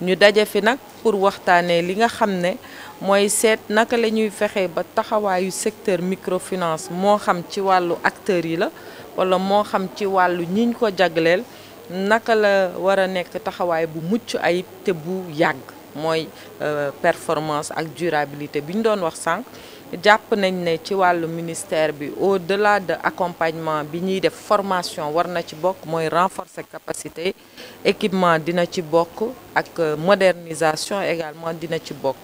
ñu daje fi nak pour waxtané li nga xamné moy sét naka lañuy fexe ba taxawayu secteur microfinance mo xam ci walu acteur yi la wala mo xam ci walu ñiñ ko jaglél naka la wara nek taxaway bu muccu ayib te bu yàgg moy performance ak durabilité biñ doon wax sank jàpp nañ ne ci walu ministère bi au-delà de accompagnement bi ñi def formation war ci bok moy renforcer capacité équipement dina ci bok ak euh, modernisation également dina ci bok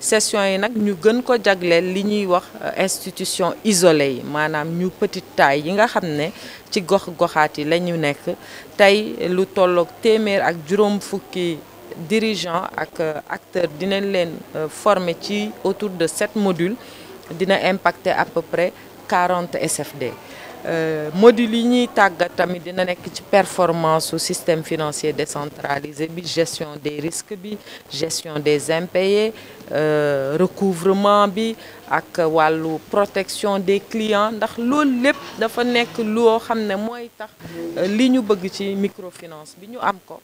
session yi nak ñu gën ko jaglé li ñuy wax euh, institution isolée manam ñu petite taille yi nga xamné ci gox goxati yi la ñu nekk tay lu tollok témèr ak juroom fukki dirigeant ak euh, acteur dinañ leen former ci autour de sept modules dina impacter à peu près 40 SFD. Euh, module yi ñuy tàggat tamit dina nek ci performance au système financier décentralisé bi gestion des risques bi gestion des impayés euh, recouvrement bi ak walu protection des clients ndax lool lépp dafa nek lo xam ne tax euh, li ñu bëgg ci microfinance bi ñu am ko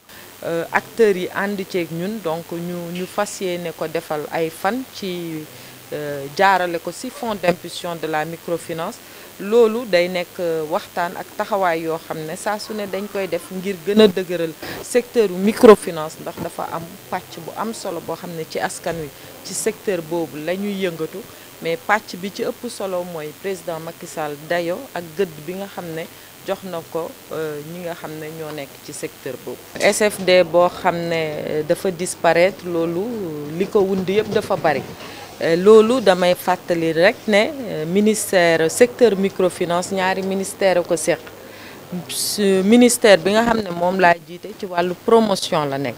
acteurs yi ànd nous ñun donc ñu ñu fas ne ko défal ay fan ci Euh, jaarale ko ci fonds d'impulsion de la microfinance loolu day nekk euh, waxtaan ak taxawaay yoo xam ne saa su ne dañ koy def ngir gën a dëgëral secteur microfinance ndax dafa am pàcc bu am solo boo xam ne ci askan wi ci secteur boobu la ñuy yëngatu mais pàcc bi ci ëpp solo mooy président Macky Sall dayo ak gëdd bi nga xam ne jox na ko euh, ñi nga xam ne ñoo nekk ci secteur boobu. SFD boo xam ne dafa disparaître loolu li ko wund yëpp dafa bari Euh, loolu damay fàttali rek ne euh, ministère secteur microfinance ñaari ministère ko seq ministère bi nga xam ne moom laa jiite ci wàllu promotion la nekk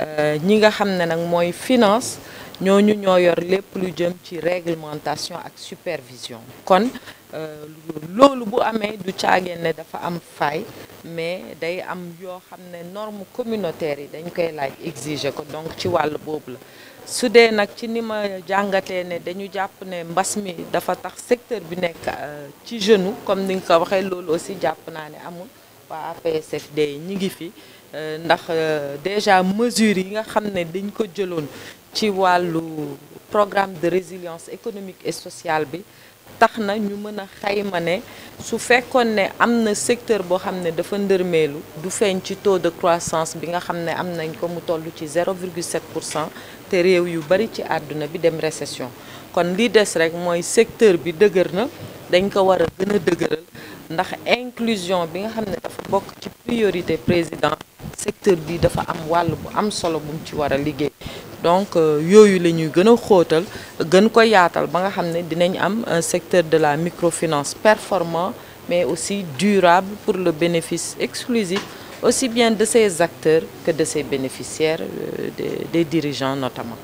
Euh, ñi nga xam ne nag mooy finance ñooñu ñoo yor lépp lu jëm ci réglementation ak supervision kon euh, loolu bu amee du caageen ne dafa am fay mais day am yoo xam ne norme communautaire yi dañ koy laaj exiger ko donc ci wàll boobu la su dee nag ci ni ma jàngatee ne dañu jàpp ne mbas mi dafa tax secteur bi nekk euh, ci genou comme ni nga ko waxee loolu aussi jàpp naa ne amul waa APSFD ñi ngi fi euh, ndax euh, déjà mesures yi nga xam ne dañ ko jëloon ci wàllu programme de résilience économique et sociale bi tax na ñu mën a xayma ne su fekkoon ne secteur boo xam ne dafa ndërmeelu du feeñ ci taux de croissance bi nga xam ne am ko mu toll ci 0,7 pour cent te réew yu bari ci àdduna bi dem récession kon li des rek mooy secteur bi dëgër na dañ ko war a gën ndax inclusion bi nga xamné du dafa bokk ci priorité président secteur bi dafa am walu bu am solo bu ci wara a donc euh, yoyu lañuy gëna gën gën ko yaatal ba nga xamné dinañ am un secteur de la microfinance performant mais aussi durable pour le bénéfice exclusif aussi bien de ses acteurs que de ses bénéficiaires euh, des dirigeants notamment